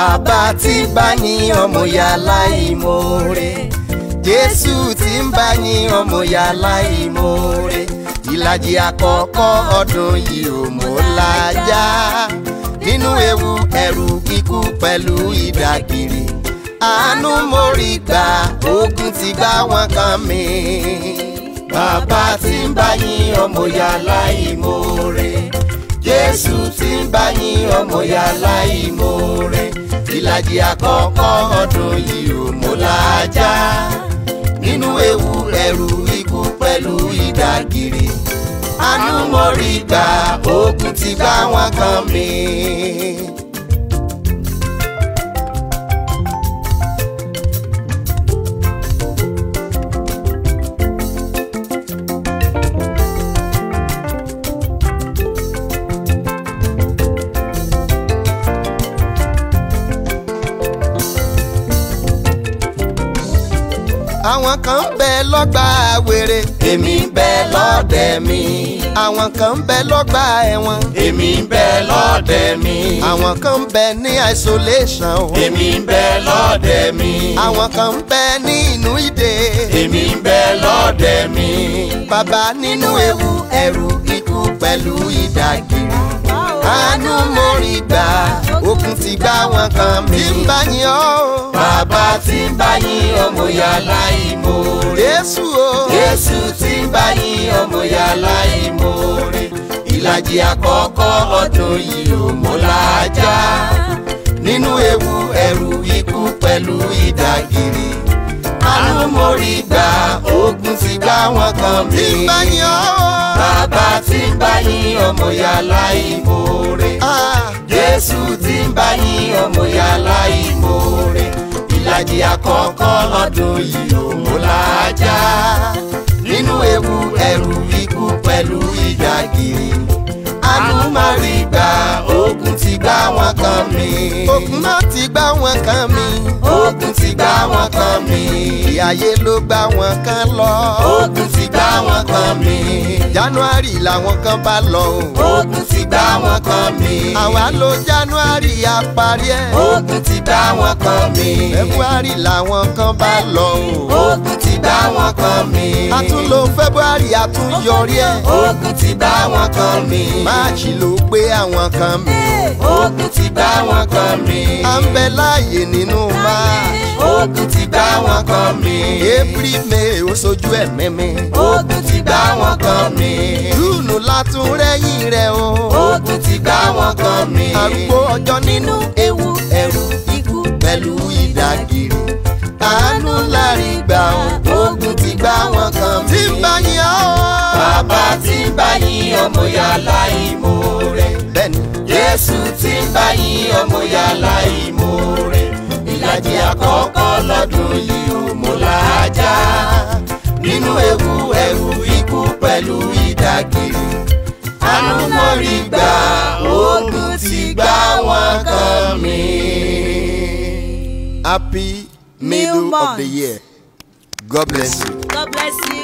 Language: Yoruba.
bàbá tí bá ní ọmọ ìyá láìmoore jésù tí ń bá ní ọmọ ìyá láìmoore ìlàjì àkọ́kọ́ ọdún yìí ò mọ̀ lájà nínú ewu ẹ̀rù ikú pẹ̀lú ìdágìrì àánú mórí gbà ogun ti gbá wọn kan mi. bàbá tí ń bá yín ọmọ ìyá láìmoore jésù tí ń bá yín ọmọ ìyá láìmoore ìlàjì àkọ́kọ́ ọdún yìí ò mú làájá nínú ewu ẹ̀rù ikú pẹ̀lú ìdágìrì àánú mo rí ogun ti bá wọn kàn mí. àwọn kan ń bẹ lọ́gbà wèrè. èmi ń bẹ lọ́dẹ mi. àwọn kan ń bẹ lọ́gbà ẹ̀wọ̀n. èmi ń bẹ lọ́dẹ mi. àwọn kan ń bẹ ní isolation o. èmi ń bẹ lọ́dẹ mi. àwọn kan ń bẹ ní inú ìdè. èmi ń bẹ lọ́dẹ mi. bàbá nínú ewu ẹrù ikú pẹ̀lú ìdágìrì àánú mórí gbà òkun ti gbá wọn kan bí n bá yín ọ́ bàbá tí ń bá yín ọmọ ìyá láìmoore. Jésù o. Jésù tí ń bá yín ọmọ ìyá láìmoore. Ìlàjì àkọ́kọ́ ọdún yìí ò mọ́ lájà. Nínú ewu ẹ̀rù ikú pẹ̀lú ìdágìrì. Àánú mórí gbà ogun ti gbá wọn kan mi. Tí ń bá yín ọ́. Bàbá tí ń bá yín ọmọ ìyá láìmoore. ìdajì àkọ́kọ́ lọ́dún yìí ò mú lájà nínú ewu ẹrù ikú pẹ̀lú ìjà gírí àlùmárì gba ogun ti gbá wọn kan mi. ogun náà ti gbá wọn kan mi. ogun ti gbá ayé ló gbá wọn kan lọ. ogun ti gbá wọn kan mi. january làwọn kan bá lọ o. ogun ti gbá wọn kan mi. àwa ló january àparí ẹ. ogun ti gbá wọn kan mi. february làwọn kan bá lọ o. ogun ti gbá wọn kan mi. a tún lo february a tún yọrí ẹ. ogun ti gbá wọn kan mi. march ló gbé àwọn kan mi. ogun ti gbá wọn kan mi. à ń bẹ láàyè nínú ogun ti gbá wọn kọ́ mi. april may ó sojú ẹ̀mí mi. ogun ti gbá wọn kọ́ mi. júùnù látún rẹ́yìn rẹ̀ o. ogun ti gbá wọn kọ́ mi. àgbo ọjọ́ nínú ewu ẹ̀rù ikú pẹ̀lú ìdágìrì. àánú lárí gbà o. ogun ti gbá wọn kọ́ mi. tí ń bá yín ọ́. bàbá tí ń bá yín ọmọ yàrá ìmọ̀ rẹ̀. bẹ́ẹ̀ni. Jésù tí ń bá yín ọmọ yàrá ìmọ̀ lọ́dún yìí ó mú làájá nínú ewu ewu ikú pẹ̀lú ìdágìrì àlùmọ́rí gbà ogun ti gbà wọn kan mi. Happy middle of the year. God bless you. God bless you.